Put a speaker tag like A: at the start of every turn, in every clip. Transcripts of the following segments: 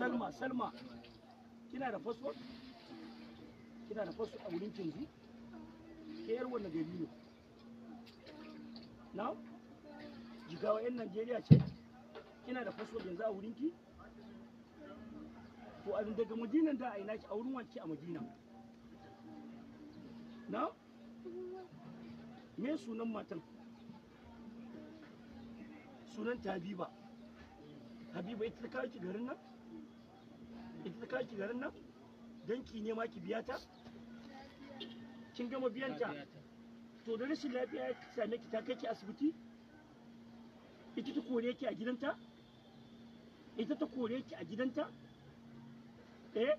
A: salma salma kina da fasfot kina da fasfot a wurin kinzi ke yar wannan gari ne na jigawa yan najeriya ce kina da fasfot yanzu a wurin ki to abin daga madinan da a ina ki a wurin wanki a madina na me sunan matan sunan ta habiba habiba ita ta kawo ki garin nan ita ta kaki garin nan danki ne ma ki biya ta kin gama biyan ta to da rashin lafiya ya same ki ta kai ki asibiti ita ta kore ki a gidanta ita ta kore ki a gidanta eh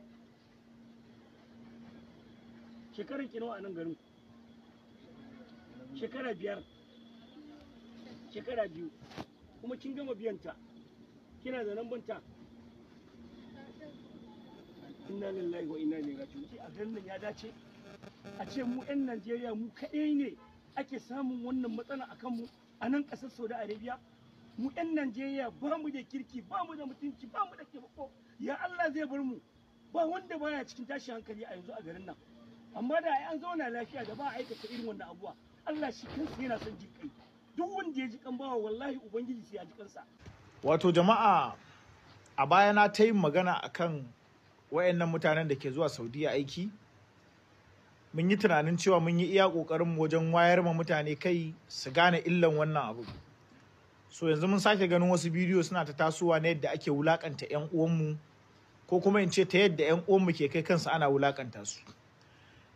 A: shekaran ki nawa a nan garin shekara biyar shekara biyu kuma kin gama biyan ta kina da nan banta inna lillahi wa inna ilaihi raji'un a garin nan ya dace a ce mu 'yan Najeriya mu kaɗai ne ake samun wannan matsala a kanmu a nan ƙasar Saudi Arabia mu 'yan Najeriya ba mu da kirki ba mu da mutunci ba mu da taimako ya Allah zai bar mu ba wanda baya cikin tashi hankali a yanzu a garin nan amma da an zauna lafiya da ba a aikata irin wannan abuwa Allah shi kansa yana son jikai duk wanda ya ji kan bawa wallahi ubangiji sai ya ji kansa
B: wato jama'a a baya na ta yin magana akan wayannan mutanen da ke zuwa Saudiya aiki mun yi tunanin cewa mun yi iya ƙoƙarin wajen wayar ma mutane kai su gane illan wannan abu so yanzu mun sake ganin wasu bidiyo suna ta tasowa na yadda ake wulakanta 'yan uwanmu ko kuma in ce ta yadda 'yan uwanmu ke kai kansu ana wulakanta su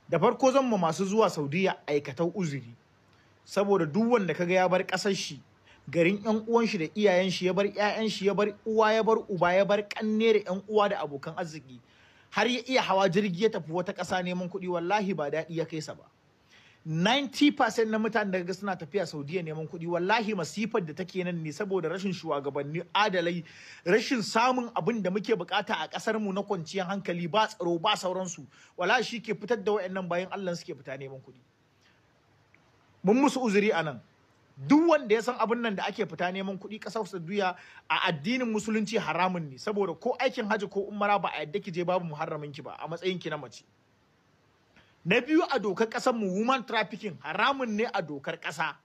B: da farko zan mu masu zuwa saudiya aikatau uzuri saboda duk wanda kaga ya bar ƙasar shi garin yan uwan shi da iyayen shi ya bar ƴaƴan shi ya bar uwa ya bar uba ya bar kanne da yan uwa da abokan arziki har ya iya hawa jirgi ya tafi wata ƙasa neman kuɗi wallahi ba daɗi ya kai sa ba 90% na mutanen daga suna tafiya Saudiya neman kuɗi wallahi masifar da take nan ne saboda rashin shugabanni adalai rashin samun abin da muke bukata a ƙasar mu na kwanciyar hankali ba tsaro ba sauransu wallahi shi ke fitar da wayannan bayan Allah suke fita neman kuɗi mun musu uzuri anan duk wanda ya san abin nan da ake fita neman kuɗi ƙasar duya a addinin musulunci haramun ne saboda ko aikin hajji ko umara ba a yadda ki je babu muharramin ki ba a matsayin ki na mace na biyu a dokar ƙasar mu Human trafficking haramun ne a dokar ƙasa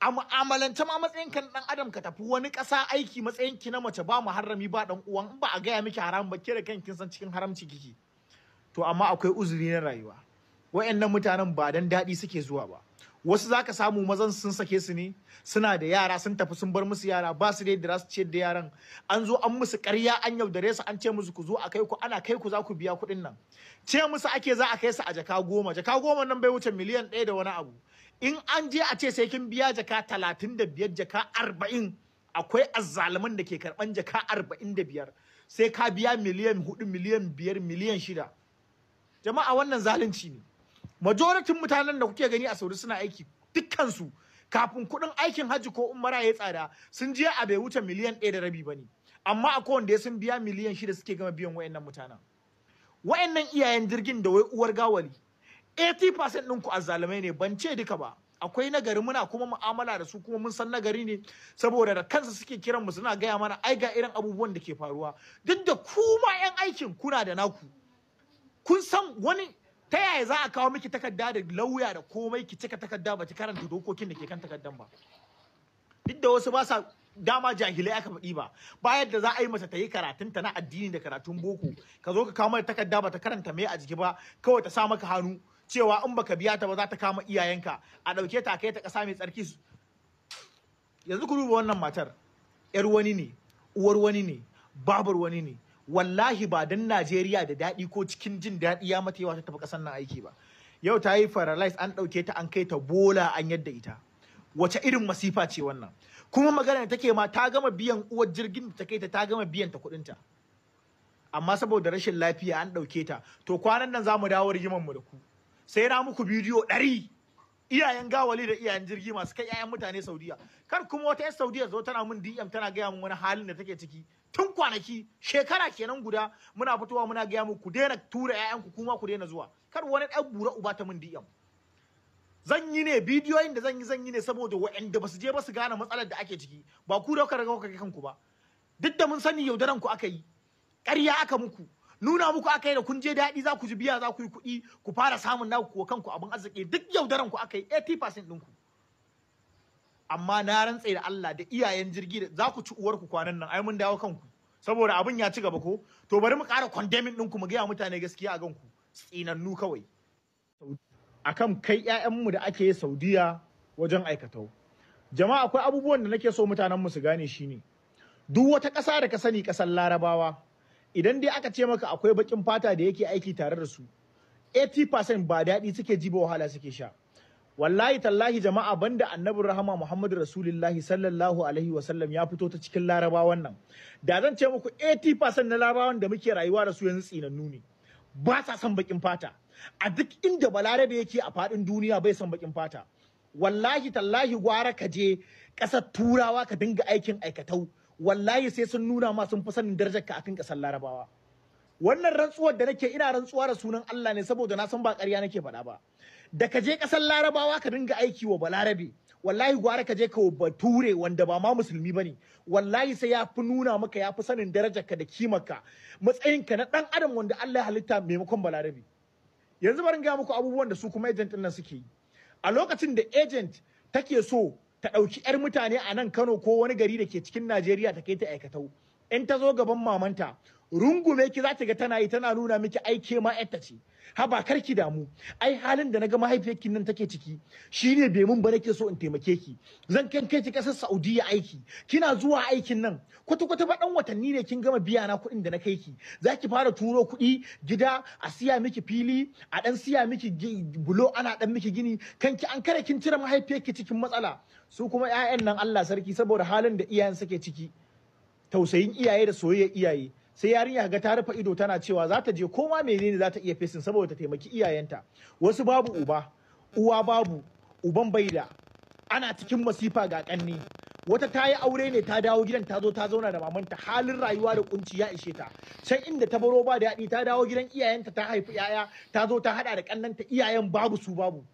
B: a mu'amalance ma matsayin kan dan adam ka tafi wani ƙasa aiki matsayin ki na mace ba muharrami ba dan uwan in ba a gaya miki haram ba ke da kin san cikin haramci kiki to amma akwai uzuri na rayuwa wayannan mutanen ba dan daɗi suke zuwa ba wasu za ka samu mazan sun sake su ne suna da yara sun tafi sun bar musu yara ba su dai da rasu su ciyar da yaran an zo an musu karya an yaudare su an ce musu ku zo a kai ku ana kai ku za ku biya kuɗin nan ce musu ake za a kai su a jaka goma jaka goma nan bai wuce miliyan ɗaya da wani abu in an je a ce sai kin biya jaka talatin da biyar jaka arba'in akwai azzaluman da ke karɓan jaka arba'in da biyar sai ka biya miliyan hudu miliyan biyar miliyan shida jama'a wannan zalunci ne majoritin mutanen da kuke gani a sauri suna aiki dukkansu kafin kuɗin aikin hajji ko umara ya tsada sun je a bai wuce miliyan ɗaya da rabi ba ne amma a kowanne sun biya miliyan shida suke gama biyan wayannan mutanen wayannan iyayen jirgin da wai uwar gawali 80% ɗinku azzalumai ne ban ce duka ba akwai nagari muna kuma mu'amala da su kuma mun san nagari ne saboda da kansa suke kiran mu suna gaya mana ai ga irin abubuwan da ke faruwa duk da kuma yan aikin kuna da naku kun san wani ta yaya za a kawo miki takarda da lauya da komai ki cika takarda ba ki karanta dokokin da ke kan takardan ba duk da wasu ba sa dama jahilai aka faɗi ba bayan da za a yi masa ta yi karatun ta na addini da karatun boko ka zo ka kawo mata takarda ba ta karanta mai a jiki ba kawai ta sa maka hannu cewa in baka biya ta ba za ta kama iyayenka a ɗauke ta kai ta ƙasa mai tsarki yanzu ku duba wannan matar yar wani ne uwar wani ne babar wani ne wallahi ba don Najeriya da daɗi ko cikin jin daɗi ya mata yawa ta tafi ƙasar nan aiki ba yau ta yi faralais an ɗauke ta an kai ta bola an yadda ita wace irin masifa ce wannan kuma magana da take ma ta gama biyan uwar jirgin da ta kai ta ta gama biyan ta kuɗinta amma saboda rashin lafiya an ɗauke ta to kwanan nan za mu dawo rigiman mu da ku sai na muku bidiyo ɗari iyayen gawali da iyayen jirgi masu kai 'ya'yan mutane saudiya kar kuma wata 'yan saudiya zo tana min dm tana gaya min wani halin da take ciki tun kwanaki shekara kenan guda muna fitowa muna gaya mu ku daina tura ƴaƴanku kuma ku daina zuwa kar wani ɗan bura uba ta min DM zan yi ne bidiyoyin da zan yi zan yi ne saboda waɗanda ba su je ba su gane matsalar da ake ciki ba ku da kuka riga kuka kanku ba duk da mun sani yaudaran ku aka yi ƙarya aka muku nuna muku aka yi da kun je daɗi za ku ji biya za ku yi kuɗi ku fara samun naku kanku abin arziki duk yaudaran ku aka yi 80% ɗinku amma na rantse da Allah da iyayen jirgi da za ku ci uwarku kwanan nan ai mun dawo kanku saboda abin ya ci gaba ko to bari mu ƙara condemning ɗinku mu gaya mutane gaskiya a ganku tsinannu kawai akan kai mu da ake Saudiya wajen aikatau jama'a akwai abubuwan da nake so mutanen mu su gane shine duk wata ƙasa da ka sani ƙasar Larabawa idan dai aka ce maka akwai baƙin fata da yake aiki tare da su 80% ba daɗi suke ji ba wahala suke sha wallahi tallahi jama'a banda annabin rahama muhammadu rasulullahi sallallahu alaihi wasallam ya fito ta cikin larabawan nan da zan ce muku 80% na larabawan da muke rayuwa da su yanzu tsinannu ne ba sa son bakin fata a duk inda balarabe yake a fadin duniya bai son bakin fata wallahi tallahi gwara ka je kasar turawa ka dinga aikin aikatau wallahi sai sun nuna ma sun fi sanin darajar ka akan kasar larabawa wannan rantsuwar da nake ina rantsuwa da sunan Allah ne saboda na san ba ƙarya nake faɗa ba da ka je ƙasar larabawa ka dinga aiki wa balarabe wallahi gwara ka je ka bature wanda ba ma musulmi bane wallahi sai ya fi nuna maka ya fi sanin darajarka da kimarka matsayinka na dan adam wanda Allah ya halitta maimakon balarabe yanzu bari ga muku abubuwan da su kuma agent din nan suke yi a lokacin da agent take so ta ɗauki 'yar mutane a nan Kano ko wani gari da ke cikin Najeriya ta kai ta aikatau in ta zo gaban mamanta rungume ki za ta ga tana yi tana nuna miki ai ke ma yarta ce haba kar ki damu ai halin da naga mahaifiyarki nan take ciki shine bai mun ba nake so in taimake ki zan kan kai ki kasar Saudiya aiki kina zuwa aikin nan kwata kwata ba dan watanni ne kin gama biya na kuɗin da na kai ki zaki fara turo kuɗi gida a siya miki fili a dan siya miki bulo ana dan miki gini kanki an kare kin cire mahaifiyarki cikin matsala su kuma 'ya'yan nan Allah sarki saboda halin da iyayen suke ciki tausayin iyaye da soyayyar iyaye sai yarinya ga ta rufe ido tana cewa za ta je koma menene za ta iya fesin saboda ta taimaki iyayenta wasu babu uba uwa babu uban baida ana cikin masifa ga kanni wata ta yi aure ne ta dawo gidan ta zo ta zauna da mamanta halin rayuwa da kunci ya ishe ta can inda ta baro ba daɗi ta dawo gidan iyayenta ta haifi yaya ta zo ta haɗa da kannanta iyayen babu su babu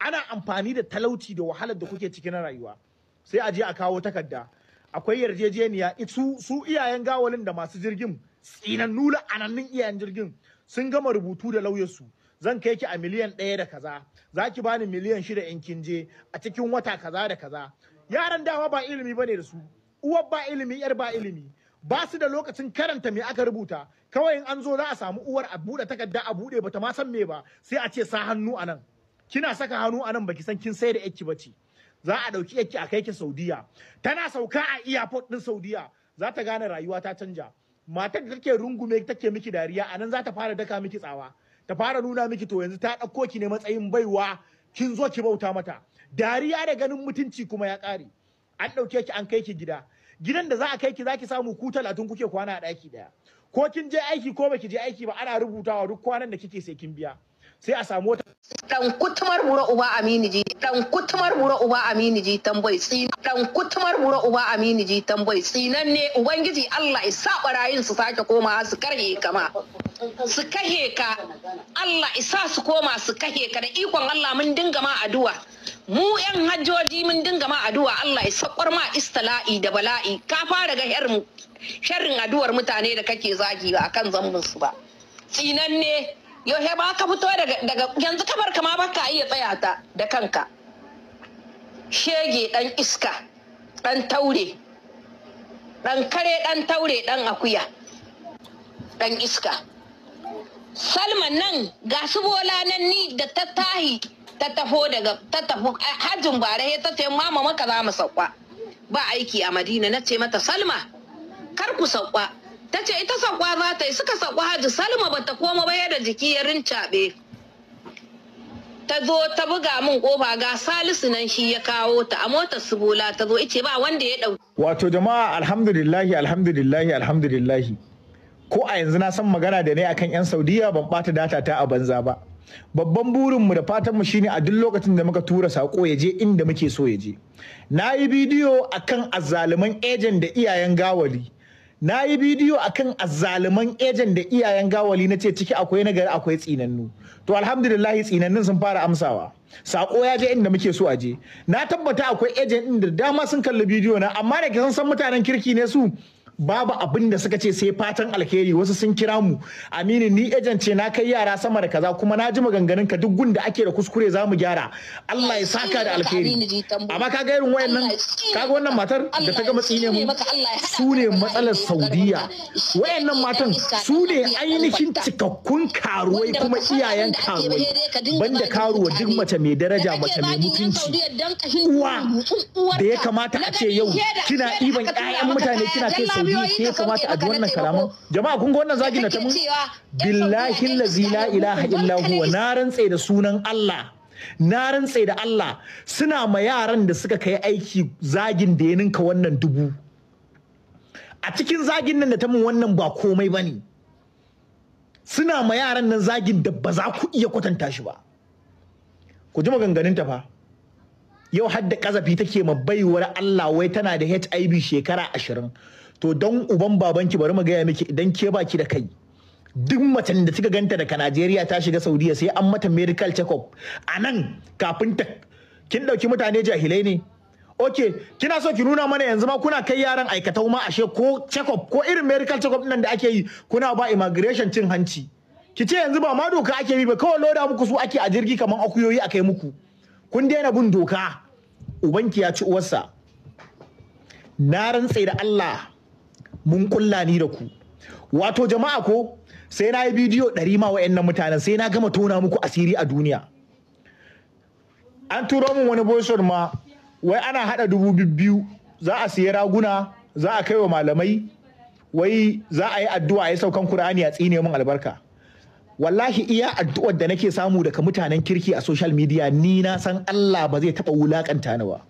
B: ana amfani da talauci da wahalar da kuke cikin rayuwa sai a je a kawo takarda akwai yarjejeniya su su iyayen gawalin da masu jirgin tsinannu la'anannun iyayen jirgin sun gama rubutu da lauyarsu zan kai ki a miliyan ɗaya da kaza za ki bani miliyan shida in kin je a cikin wata kaza da kaza yaran dama ba ilimi bane da su uwar ba ilimi yar ba ilimi ba su da lokacin karanta me aka rubuta kawai in an zo za a samu uwar a buɗe takarda a buɗe bata ma san me ba sai a ce sa hannu anan kina saka hannu anan baki san kin sai da yake bace za a ɗauki yake a kai ki saudiya tana sauka a iyafot ɗin saudiya za ta gane rayuwa ta canja matar da take rungume take miki dariya anan za ta fara daka miki tsawa ta fara nuna miki to yanzu ta ɗauko ki ne matsayin baiwa kin zo ki bauta mata dariya da ganin mutunci kuma ya ƙare an ɗauke ki an kai ki gida gidan da za a kai ki za ki samu ku talatin kuke kwana a ɗaki ɗaya ko kin je aiki ko baki je aiki ba ana rubutawa duk kwanan da kike sai kin biya sai a samu wata dan kutumar buro uba amini ji dan kutumar bura uba amini ji tamboy tsin dan
C: kutumar bura uba amini ji tamboy tsinan ne ubangiji Allah ya barayin su sake koma su karhe kama su kahe ka Allah isa su koma su kahe ka da ikon Allah mun dinga ma addu'a mu yan hajjoji mun dinga ma addu'a Allah ya sakwar ma istala'i da bala'i ka fara ga sharrin addu'ar mutane da kake zagi ba akan zambin su ba tsinanne yau he ba ka fito daga yanzu kamar kama ba ka iya tsaya ta da kanka shege dan iska dan taure dan kare dan taure dan akuya dan iska salman nan ga su bola nan ni da ta tahi ta taho daga ta tafi hajjin bare ta ce mama maka za mu sauka ba aiki a madina na ce mata salma kar ku sauka ta ce ita sakwa za ta yi suka sakwa haji salma ba ta koma ba da jiki ya rincaɓe ta zo ta buga min kofa ga salisu nan shi ya kawo ta a motar subula ta zo ice ba wanda ya ɗauki.
B: wato jama'a alhamdulillahi alhamdulillahi alhamdulillahi ko a yanzu na san magana da ne akan yan saudiya ban ɓata data ta a banza ba babban burinmu da fatan mu shine a duk lokacin da muka tura sako ya je inda muke so ya je na yi bidiyo akan azzaluman ejen da iyayen gawari. na yi bidiyo akan azzaluman ejen da iyayen gawali na ce ciki akwai nagari akwai tsinannu to alhamdulillah tsinannun sun fara amsawa sako ya je inda muke so a je na tabbata akwai ejen din da dama sun kalli bidiyo na amma da san mutanen kirki ne su babu abin da suka ce sai fatan alheri wasu sun kira mu aminu ni ejen ce na kai yara sama da kaza kuma na ji maganganun ka duk gunda ake da kuskure za mu gyara Allah ya saka da alheri
C: amma ka ga irin wayannan kaga
B: wannan matar da ta gama tsine mu su ne matsalar Saudiya wayannan matan su ne ainihin cikakkun karuwai kuma iyayen karuwai banda karuwa duk mace mai daraja mace mai mutunci
C: uwa da ya kamata a ce yau kina iban 'ya'yan mutane kina kai biyu ya kamata a ji wannan kalaman
B: jama'a kun ga wannan zagi na ta mun billahi allazi la ilaha illa huwa na rantse da sunan Allah na rantsa da Allah suna ma yaran da suka kai aiki zagin da ya ninka wannan dubu a cikin zagin nan da ta mun wannan ba komai bane suna ma yaran nan zagin da ba za ku iya kwatanta shi ba ku ji maganganun ta fa yau hadda kazafi take ma baiwar Allah wai tana da HIV shekara ashirin to don uban babanki bari mu gaya miki idan ke baki da kai duk macen da kika ganta daga Najeriya ta shiga Saudiya sai an mata medical check-up a nan kafin ta kin dauki mutane jahilai ne oke kina so ki nuna mana yanzu ma kuna kai yaran aikatau ma ashe ko check-up ko irin medical check-up nan da ake yi kuna ba immigration cin hanci ki ce yanzu ba ma doka ake yi ba kawai loda muku su ake a jirgi kamar akuyoyi a kai muku kun daina bin doka ubanki ya ci uwarsa na rantse da Allah mun kulla ni da ku wato jama'a ko sai na yi bidiyo ɗari ma nan mutanen sai na gama tona muku asiri a duniya an turo min wani boshon ma wai ana haɗa dubu biyu za a siya raguna za a kai wa malamai wai za a yi addu'a ya saukan kur'ani a tsine min albarka wallahi iya addu'ar da nake samu daga mutanen kirki a social media ni na san Allah ba zai taɓa wulakanta ni ba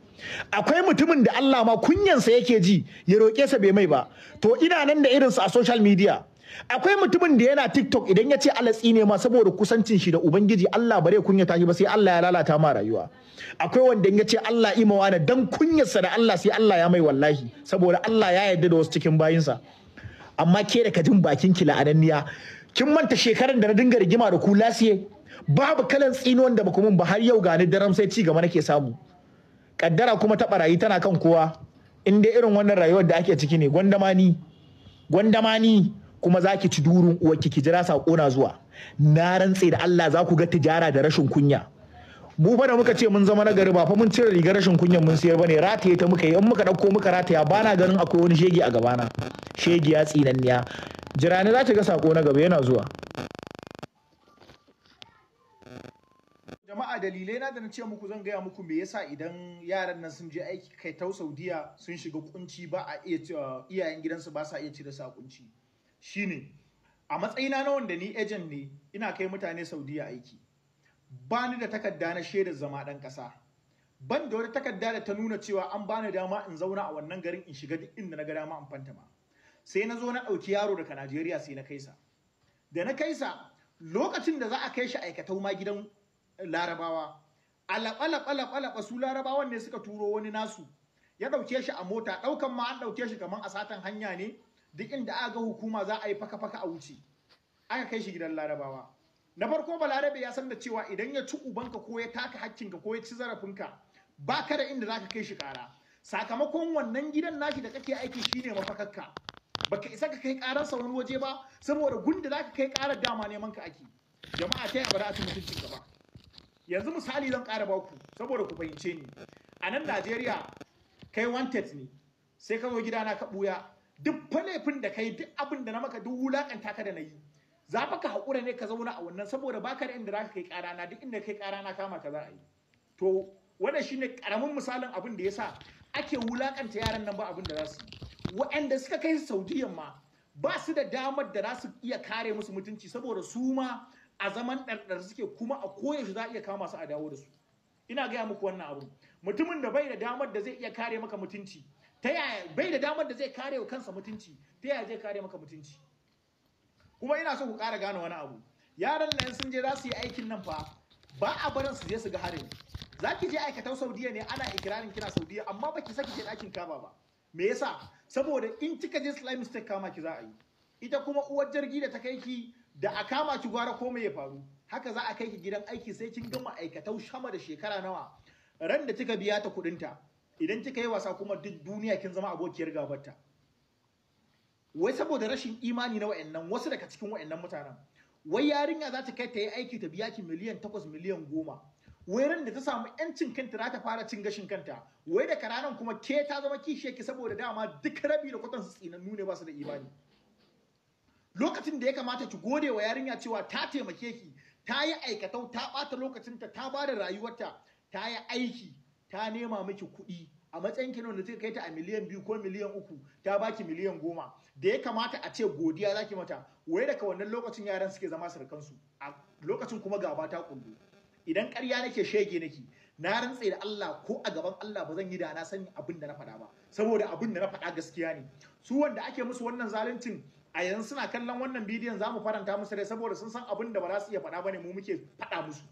B: akwai mutumin da Allah ma kunyansa yake ji ya roƙe sa bai mai ba to ina nan da irinsa a social media akwai mutumin da yana tiktok idan ya ce alatsi ne ma saboda kusancin shi da ubangiji Allah bare kunyata shi ba sai Allah ya lalata ma rayuwa akwai wanda ya ce Allah imawa na dan kunyarsa da Allah sai Allah ya mai wallahi saboda Allah ya yarda da wasu cikin bayinsa amma ke da kajin bakin ki la'ananniya kin manta shekaran da na dinga rigima da ku lasiye babu kalan tsinon da ba min ba har yau gani daram sai ci gaba nake samu kaddara kuma ta barayi tana kan kowa in dai irin wannan rayuwar da ake ciki ne gwandamani gwandamani kuma za ki ci durin uwa ki jira sako na zuwa na rantse da Allah za ku ga tijara da rashin kunya mu fa da muka ce mun zama nagari ba fa mun cire riga rashin kunyan mun sayar bane rataye ta muka yi in muka dauko muka rataya bana ganin akwai wani shege a gabana shege ya tsinanniya jirani za ta ga sako na gaba yana zuwa jama'a dalilai na da na ce muku zan gaya muku me yasa idan yaran nan sun je aiki kai tau Saudiya sun shiga kunci ba a iya iyayen gidansu ba sa iya cire sa kunci shine a matsayina na wanda ni agent ne ina kai mutane Saudiya aiki ba ni da takarda na shaidar zama dan kasa ban da wata takarda da ta nuna cewa an bani dama in zauna a wannan garin in shiga duk inda na ga dama in fanta ma sai na zo na ɗauki yaro daga Najeriya sai na kaisa da na kaisa lokacin da za a kai shi aikatau ma gidan larabawa alaɓa-laɓa-laɓa su larabawan ne suka turo wani nasu ya ɗauke shi a mota ɗaukan ma an ɗauke shi kamar a satan hanya ne duk inda aka ga hukuma za a yi faka-faka a wuce aka kai shi gidan larabawa na farko balarabe ya san da cewa idan ya ci ubanka ko ya taka hakkinka ko ya ci zarafinka ba ka da inda za ka kai shi ƙara sakamakon wannan gidan nashi da kake aiki shine mafakakka baka isa ka kai ƙararsa wani waje ba saboda gunda za ka kai ƙarar dama neman ka ake jama'a ta yi a ci mutuncinka ba yanzu misali zan ƙara baku saboda ku fahimce ni a nan Najeriya kai wanted ne sai ka zo gidana ka buya duk falefin da kai duk abin da na maka duk wulakanta ka da nayi za fa ka haƙura ne ka zauna a wannan saboda baka da inda zaka kai ƙarana duk inda kai ƙarana kama ka za a yi to wannan shine karamin misalin abin da sa ake wulakanta yaran nan ba abin da za su waɗanda suka kai su Saudiyan ma ba su da damar da za su iya kare musu mutunci saboda su ma a zaman ɗarɗar suke kuma a koyaushe za a iya kama su a dawo da su ina gaya muku wannan abu mutumin da bai da damar da zai iya kare maka mutunci ta yaya bai da damar da zai kare wa kansa mutunci ta yaya zai kare maka mutunci kuma ina so ku ƙara gane wani abu yaran nan sun je za su yi aikin nan fa ba a barin su je su ga harin za ki je aikatan saudiya ne ana ikirarin kina saudiya amma ba ki saki je ɗakin kaba ba me yasa saboda in kika je slime stake kama ki za a yi ita kuma uwar jirgi da ta kai ki da a kama ki gwara ko ya faru haka za a kai ki gidan aiki sai kin gama aikatau sama da shekara nawa ran da kika biya ta kuɗinta idan kika yi wasa kuma duk duniya kin zama abokiyar gabarta wai saboda rashin imani na wa'annan wasu daga cikin wa'annan mutanen wai yarinya za ta kai ta yi aiki ta biya ki miliyan takwas miliyan goma wai ran da ta samu yancin kanta za ta fara cin gashin kanta wai da karanan kuma ke ta zama ki saboda dama duk rabi da kwatansu tsinannu ne ba su da imani lokacin da ya kamata ki gode wa yarinya cewa ta taimake ki ta yi aikatau ta ɓata lokacinta ta ba da rayuwarta ta yi aiki ta nema miki kuɗi a matsayin ki da zai kai ta a miliyan biyu ko miliyan uku ta baki miliyan goma da ya kamata a ce godiya za ki mata wai daga wannan lokacin yaran suke zama sarkansu a lokacin kuma gaba ta kullu idan ƙarya nake shege nake na rantse da Allah ko a gaban Allah ba zan yi da na sani abin da na faɗa ba saboda abin da na faɗa gaskiya ne su wanda ake musu wannan zaluncin a yanzu suna kallon wannan bidiyon za mu faranta musu rai saboda sun san abin da ba za su iya faɗa ba ne mu muke faɗa musu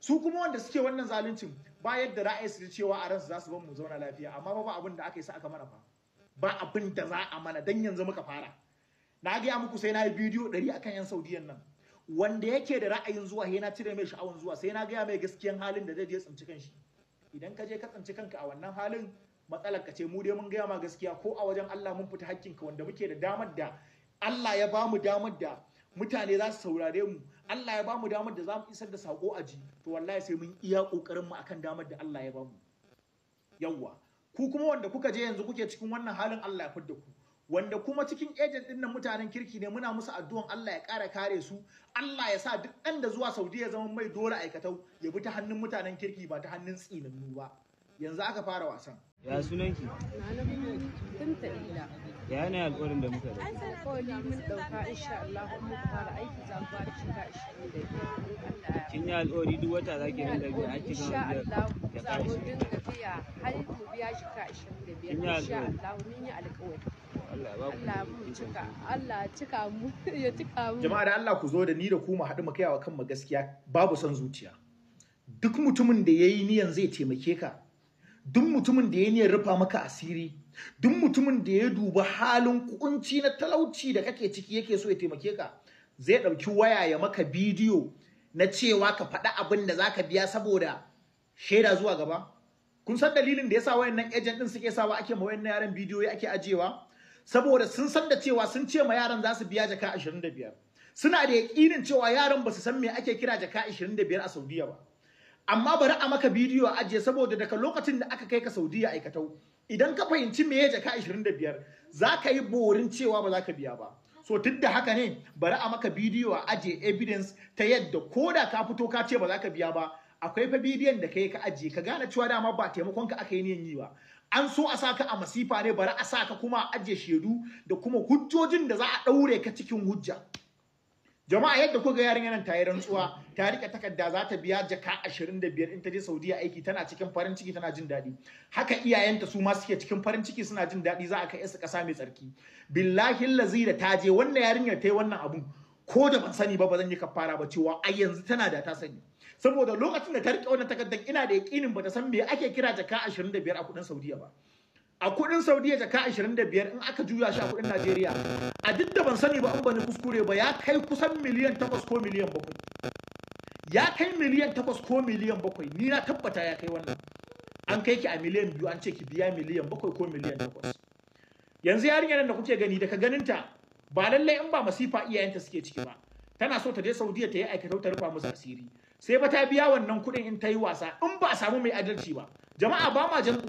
B: su kuma wanda suke wannan zaluncin ba yadda ra'ayi su cewa a ransu za su bar mu zauna lafiya amma ba abin da aka yi sa aka mana fa ba abin da za a mana dan yanzu muka fara na gaya muku sai na yi bidiyo ɗari akan yan saudiyan nan wanda yake da ra'ayin zuwa sai na cire mai sha'awan zuwa sai na gaya mai gaskiyan halin da zai je tsinci kanshi idan ka je ka tsinci kanka a wannan halin matsalar ka ce mu dai mun gaya ma gaskiya ko a wajen Allah mun fita hakkinka wanda muke da damar da Allah ya bamu damar da mutane za su saurare mu Allah ya bamu damar da za mu isar da sako a ji to wallahi sai mun iya kokarin mu akan damar da Allah ya bamu yawwa ku kuma wanda kuka je yanzu kuke cikin wannan halin Allah ya fidda ku wanda kuma cikin agent din nan mutanen kirki ne muna musu addu'an Allah ya ƙara kare su Allah ya sa duk ɗan da zuwa Saudi ya zama mai dole aikatau ya bi ta hannun mutanen kirki ba ta hannun tsinannu ba yanzu aka fara wasan ya sunanki ki.
A: ya ne alƙawarin da muka da
C: aiki za mu shiga
A: kin yi alƙawari ya shi dinga
C: biya har shi insha Allah mun yi alƙawari
B: jama'a da Allah ku ni da ku mu haɗu mu kaiwa kanmu gaskiya babu son zuciya duk mutumin da ya yi niyan zai taimake ka duk mutumin da ya ne rufa maka asiri duk mutumin da ya duba halin kunci na talauci da kake ciki yake so ya taimake ka zai ɗauki waya ya maka bidiyo na cewa ka faɗi abin da zaka biya saboda shaida zuwa gaba kun san dalilin da yasa wayannan agent din suke sawa ake ma wayannan yaran bidiyoyi ake ajewa saboda sun san da cewa sun ce ma yaran za su biya jaka 25 suna da yakinin cewa yaran ba su san me ake kira jaka 25 a Saudiya ba amma bari a maka bidiyo a ajiye saboda daga lokacin da aka kai ka Saudiya aikatau idan ka fahimci me ya jaka 25 za ka yi borin cewa ba za ka biya ba so duk da haka ne bari a maka bidiyo a ajiye evidence ta yadda ko da ka fito ka ce ba za ka biya ba akwai fa bidiyon da kai ka ajiye ka gane cewa dama ba taimakon ka aka yi niyan yi ba an so a saka a masifa ne bari a saka kuma a ajiye shaidu da kuma hujjojin da za a daure ka cikin hujja jama'a yadda ga yarinya nan ta yi rantsuwa ta rike takarda za ta biya jaka 25 in ta je Saudiya aiki tana cikin farin ciki tana jin daɗi haka iyayenta su ma suke cikin farin ciki suna jin daɗi za a kai su ƙasa mai tsarki billahi lazi da ta je wannan yarinyar ta yi wannan abun ko da ban sani ba ba zan yi kafara ba cewa ai yanzu tana da ta sani saboda lokacin da ta rike wannan takardar ina da yaƙinin ba ta san me ake kira jaka 25 a kuɗin Saudiya ba a kudin saudiya jaka 25 in aka juya shi a kudin najeriya a duk da ban sani ba in bani kuskure ba ya kai kusan miliyan 8 ko miliyan 7 ya kai miliyan 8 ko miliyan bakwai, ni na tabbata ya kai wannan an kai ki a miliyan biyu an ce ki biya miliyan 7 ko miliyan 8 yanzu yarinyar da kuke gani daga ganinta ba lallai in ba masifa iyayenta suke ciki ba tana so ta je saudiya ta yi aikata ta rufa musu asiri sai ba ta biya wannan kuɗin in ta yi wasa in ba a samu mai adalci ba jama'a ba ma jam'u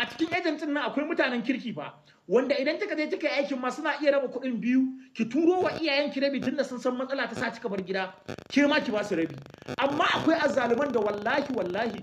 B: a cikin agent nan akwai mutanen kirki fa wanda idan kika je kika yi aikin ma suna iya raba kuɗin biyu ki turo wa iyayen ki rabi tunda sun san matsala ta sa kika bar gida ke ma ki ba su rabi amma akwai azzaluman da wallahi wallahi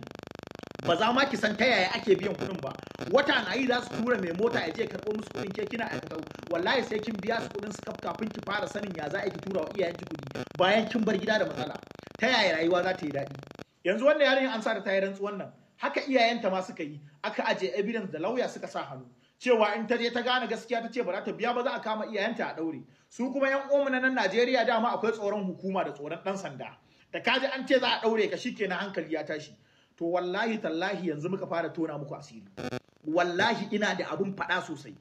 B: ba za ma ki san ta yaya ake biyan kuɗin ba wata na yi za su tura mai mota ya je karɓo musu kuɗin ke kina aikata wallahi sai kin biya su kuɗin su kafin ki fara sanin ya za a ki tura wa iyayen ki kuɗi bayan kin bar gida da matsala ta yaya rayuwa za ta yi daɗi yanzu wannan yarinyar an sa da ta yi rantsuwan nan haka iyayenta ma suka yi aka aje evidence da lauya suka sa hannu cewa in ta je ta gane gaskiya ta ce ba za ta biya ba za a kama iyayenta a daure su kuma yan uwan nan Najeriya dama akwai tsoron hukuma da tsoron dan sanda da kaji an ce za a daure ka shikenan hankali ya tashi to wallahi tallahi yanzu muka fara tona muku asiri wallahi ina da abun faɗa sosai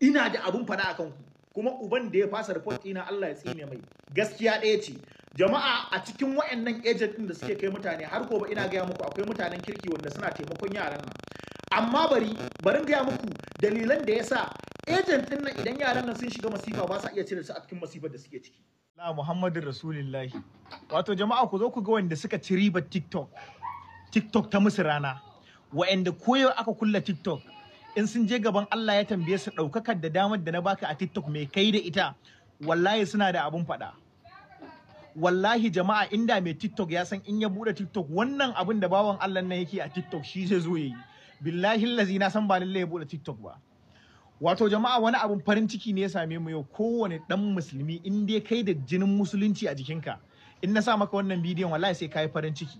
B: ina da abun faɗa akan ku kuma uban da ya fasa report ina Allah ya tsine mai gaskiya ɗaya ce jama'a a cikin wa'annan agent din da suke kai mutane har gobe ina gaya muku akwai mutanen kirki wanda suna taimakon yaran nan amma bari bari gaya muku dalilan da yasa agent din nan idan yaran nan sun shiga masifa ba sa iya cire su a cikin masifar da suke ciki la muhammadin rasulillahi wato jama'a ku zo ku ga wanda suka ci ribar tiktok tiktok ta musu rana wa'anda koyo aka kulla tiktok in sun je gaban Allah ya tambaye su ɗaukakar da damar da na baka a tiktok mai kai da ita wallahi suna da abun faɗa wallahi jama'a inda mai tiktok ya san in ya buɗe tiktok wannan abin da bawan Allah na yake a tiktok shi zai zo ya yi billahi lazi na san ba lalle ya bude tiktok ba wato jama'a wani abun farin ciki ne ya same mu yau kowane dan musulmi in dai kai da jinin musulunci a jikinka in na sa maka wannan bidiyon wallahi sai kai farin ciki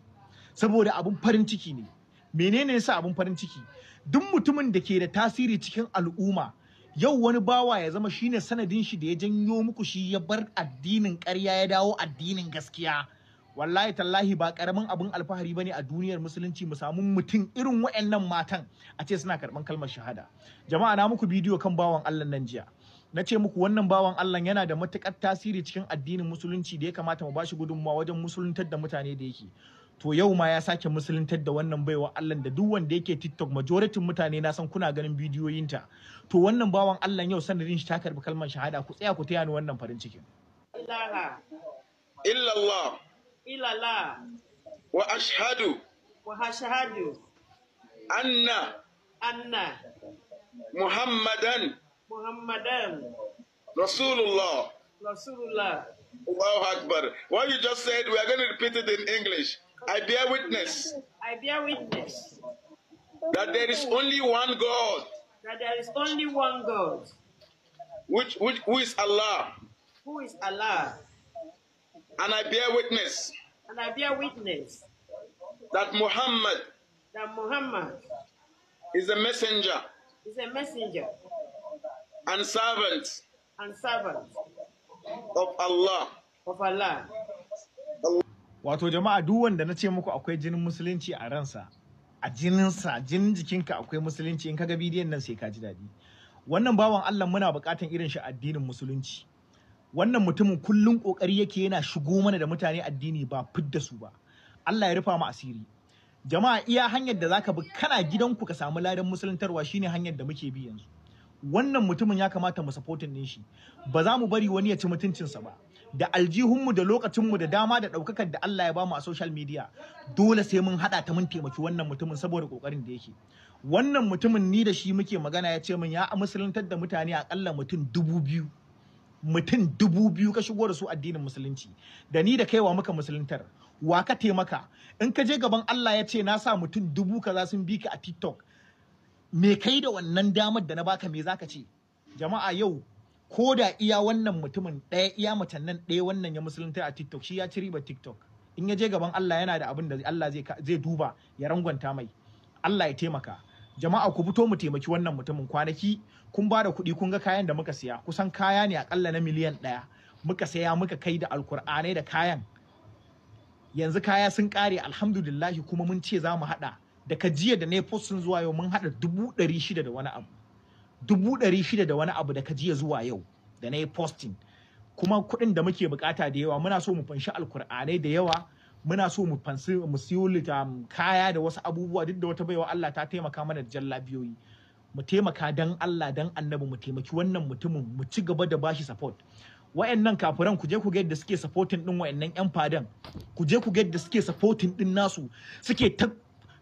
B: saboda abun farin ciki ne menene yasa abun farin ciki duk mutumin da ke da tasiri cikin al'umma yau wani bawa ya zama shine sanadin shi da ya janyo muku shi ya bar addinin ƙarya ya dawo addinin gaskiya wallahi tallahi ba karamin abun alfahari bane a duniyar musulunci mu samu mutum irin wayannan matan a ce suna karban kalmar shahada jama'a na muku bidiyo kan bawan Allah nan jiya na ce muku wannan bawan Allah yana da matukar tasiri cikin addinin musulunci da ya kamata mu bashi gudunmawa wajen musuluntar da mutane da yake to yau ma ya sake musuluntar da wannan baiwa Allah da duk wanda yake TikTok majority mutane na san kuna ganin bidiyoyinta to wannan bawan Allah yau sanarin shi ta karbi kalmar shahada ku tsaya ku taya ni wannan farin cikin
A: illallah إِلَّا الله وأشهد وأشهد أن أن محمدا محمدا رسول الله رسول الله
B: Allahu Akbar. What you just said, we are going to repeat it in English. I bear witness.
A: I bear witness. That there is only one God. That there is only one God. Which, which, who is Allah? Who is Allah? And I bear witness. And I bear witness.
B: That Muhammad. That Muhammad. Is a messenger.
A: Is a messenger. And servant. And servant. Of Allah. Of Allah.
B: Wato jama'a duk wanda na ce muku akwai jinin musulunci a ransa, a jininsa, jinin jikinka akwai musulunci in kaga bidiyon nan sai ka ji daɗi. Wannan bawan Allah muna buƙatan irin shi addinin musulunci. wannan mutumin kullum kokari yake yana shigo mana da mutane addini ba fidda su ba Allah ya rufa mu asiri jama'a iya hanyar da zaka bi kana ku ka samu ladan musuluntarwa shine hanyar da muke bi yanzu wannan mutumin ya kamata mu supportin din shi ba za mu bari wani ya ci mutuncinsa ba da aljihunmu da lokacinmu da dama da ɗaukakar da Allah ya ba mu a social media dole sai mun haɗa ta mun taimaki wannan mutumin saboda ƙoƙarin da yake wannan mutumin ni da shi muke magana ya ce min ya musuluntar da mutane aƙalla mutum dubu biyu mutum dubu biyu ka shigo da su addinin musulunci da ni da kaiwa muka musuluntar wa ka taimaka in ka je gaban Allah ya ce na sa mutum dubu kaza sun bi ka a TikTok me kai da wannan damar da na baka me zaka ce jama'a yau ko da iya wannan mutumin ɗaya iya macen nan ɗaya wannan ya musulunta a TikTok shi ya ci riba TikTok in ya je gaban Allah yana da abin da Allah zai duba ya rangwanta mai Allah ya taimaka jama'a ku fito mu taimaki wannan mutumin kwanaki kun ba da kuɗi kun ga kayan da muka siya kusan kaya ne akalla na miliyan ɗaya muka saya muka kai da alkur'anai da kayan yanzu kaya sun ƙare alhamdulillahi kuma mun ce za mu haɗa daga jiya da nefos sun zuwa yau mun haɗa dubu ɗari shida da wani abu dubu ɗari shida da wani abu daga jiya zuwa yau da na posting kuma kuɗin da muke bukata da yawa muna so mu fanshi alkur'anai da yawa muna so mu fansi mu siyo um, kaya da wasu abubuwa duk da wata baiwa Allah ta taimaka mana da jallabiyoyi mu taimaka dan Allah dan annabi mu taimaki wannan mutumin mu ci gaba da bashi support wayannan kafiran ku je ku ga yadda suke supporting din wayannan yan fadan ku je ku ga yadda suke supporting din nasu suke ta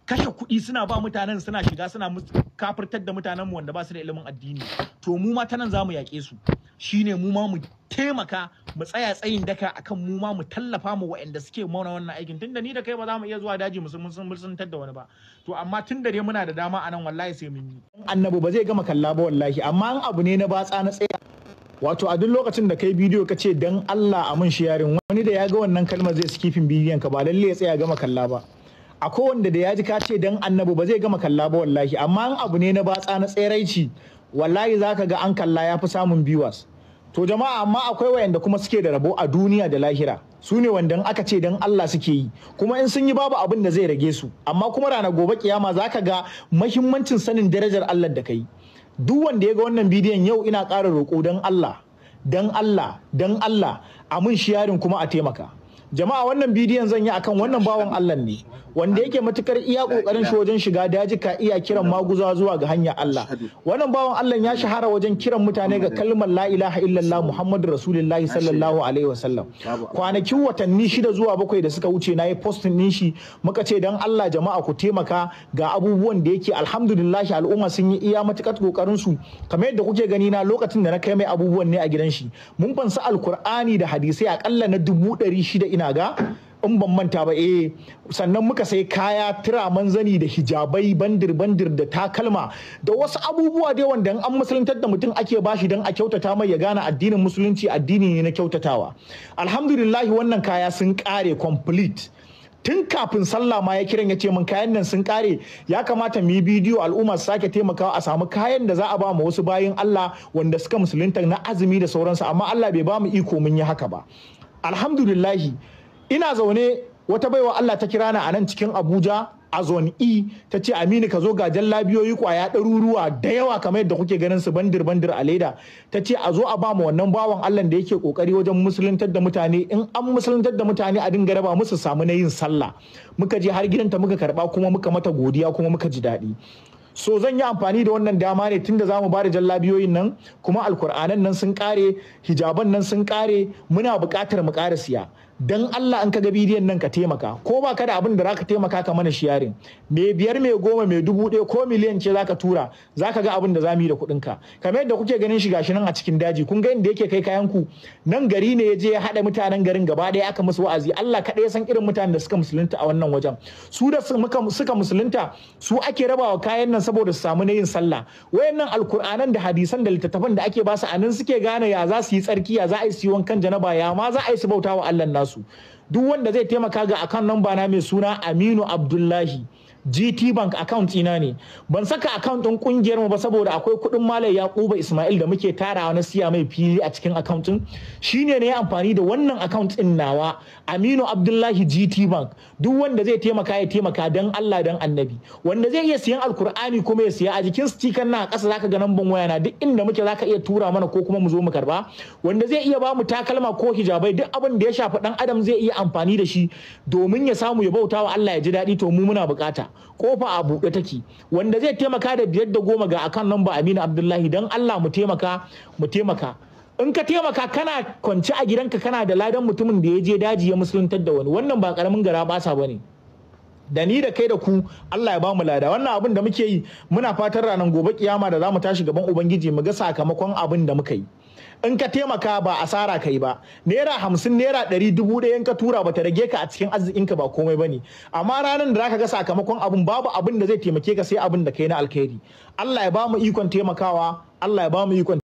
B: kashe kuɗi suna ba mutanen suna shiga suna kafirtar da mutanen mu wanda ba su da ilimin addini to mu ma ta nan zamu yaƙe su shine mu ma mu taimaka mu tsaya tsayin daka akan mu ma mu tallafa mu waɗanda suke mauna wannan aikin tunda ni da kai ba za mu iya zuwa daji mu sun sun da wani ba to amma tun da dai muna da dama a nan wallahi sai mun yi annabi ba zai gama kalla ba wallahi amma an abu ne na batsa na tsaya wato a duk lokacin da kai bidiyo ka ce dan Allah a mun shiyarin wani da ya ga wannan kalmar zai skipin bidiyon ka ba lalle ya tsaya gama kalla ba a kowanne da ya ji ka ce dan annabi ba zai gama kalla ba wallahi amma an abu ne na batsa na tseraici wallahi zaka ga an kalla ya fi samun viewers to jama'a amma akwai wayanda kuma suke da rabo a duniya da lahira su ne wanda aka ce dan Allah suke yi kuma in sun yi babu abin da zai rage su amma kuma rana gobe kiyama ka ga mahimmancin sanin darajar Allah da kai duk wanda ya ga wannan bidiyon yau ina ƙara roƙo dan Allah dan Allah dan Allah a mun shiyarin kuma a taimaka jama'a wannan bidiyon zan yi akan wannan bawan Allah ne wanda yake matukar iya kokarin shi wajen shiga daji ka iya kiran maguza zuwa ga hanya Allah wannan bawan Allah ya shahara wajen kiran mutane ga kalmar la ilaha illallah muhammadur rasulullahi sallallahu alaihi wasallam kwanakin watanni shida zuwa bakwai da suka wuce nayi posting din shi muka ce dan Allah jama'a ku taimaka ga abubuwan da yake alhamdulillah al'umma sun yi iya matukar kokarin su kamar yadda kuke gani na lokacin da na kai mai abubuwan ne a gidan shi mun fansa alkur'ani da hadisai akalla na dubu ɗari shida ina ga in ban manta ba eh sannan muka sai kaya turaman zani da hijabai bandir bandir da takalma da wasu abubuwa dai wanda an musuluntar da mutum ake bashi don a kyautata mai ya gane addinin musulunci addini ne na kyautatawa alhamdulillah wannan kaya sun kare complete tun kafin sallah ma ya kiran ya ce min kayan nan sun kare ya kamata mu yi bidiyo al'umma su sake taimakawa a samu kayan da za a ba mu wasu bayin Allah wanda suka musulunta na azumi da sauransu amma Allah bai ba mu iko mun yi haka ba alhamdulillahi ina zaune wata baiwa Allah ta kira a nan cikin Abuja a zone E ta ce Aminu ka zo ga jallabiyoyi kwaya ɗaruruwa da yawa kamar yadda kuke ganin su bandir bandir a leda ta ce a zo a ba mu wannan bawan Allah da yake kokari wajen musuluntar da mutane in an musuluntar da mutane a dinga raba musu samu na yin sallah muka je har gidanta muka karba kuma muka mata godiya kuma muka ji daɗi so zan yi amfani da wannan dama ne tun da za mu ba da jallabiyoyin nan kuma alkur'anan nan sun kare hijaban nan sun kare muna buƙatar mu ƙara siya dan Allah an kaga bidiyon nan ka taimaka ko ba ka da abin da zaka taimaka ka mana shiyarin me biyar me goma me dubu ɗaya ko miliyan ce zaka tura zaka ga abin da za mu yi da kuɗin ka kamar yadda kuke ganin shi gashi nan a cikin daji kun ga inda yake kai kayan ku nan gari ne ya je ya haɗa mutanen garin gaba ɗaya aka musu wa'azi Allah kaɗai ya san irin mutanen da suka musulunta a wannan wajen su da suka musulunta su ake rabawa kayan nan saboda su samu na yin sallah wayannan alkur'anan da hadisan da littattafan da ake ba a nan suke gane ya za su yi tsarki ya za a yi siwon kan janaba ya ma za a yi su bauta wa Allah nasu su duk wanda zai taimaka ga akan lamba na mai suna Aminu Abdullahi GT Bank account ina ne ban saka account din kungiyar mu ba saboda akwai kudin Malam Yakuba Ismail da muke tarawa na siya mai fili a cikin account din shine ne amfani da wannan account din nawa Aminu Abdullahi GT Bank duk wanda zai taimaka ya taimaka dan Allah dan Annabi wanda zai iya siyan Alkur'ani kuma ya siya a jikin sticker na kasa zaka ga namban waya na duk inda muke zaka iya tura mana ko kuma mu zo mu karba wanda zai iya ba mu takalma ko hijabai duk abin da ya shafi dan adam zai iya amfani da shi domin ya samu ya bauta wa Allah ya ji dadi to mu muna bukata kofa a buɗe take wanda zai taimaka da biyar da goma ga akan ba aminu abdullahi don allah mu taimaka mu taimaka in ka taimaka kana kwance a gidanka kana da ladan mutumin da ya je daji ya musuluntar da wani wannan ba karamin gara basa bane da ni da kai da ku Allah ya ba mu lada wannan abin da muke yi muna fatan ranar gobe kiyama da za mu tashi gaban ubangiji mu ga sakamakon abin da muka yi in ka taimaka ba asara kai ba naira hamsin naira ɗari dubu ɗaya in ka tura ba ta rage ka a cikin arzikinka ba komai ba ne amma ranar da zaka ga sakamakon abin babu abin da zai taimake ka sai abin da kai na alkhairi Allah ya ba mu ikon taimakawa Allah ya ba mu ikon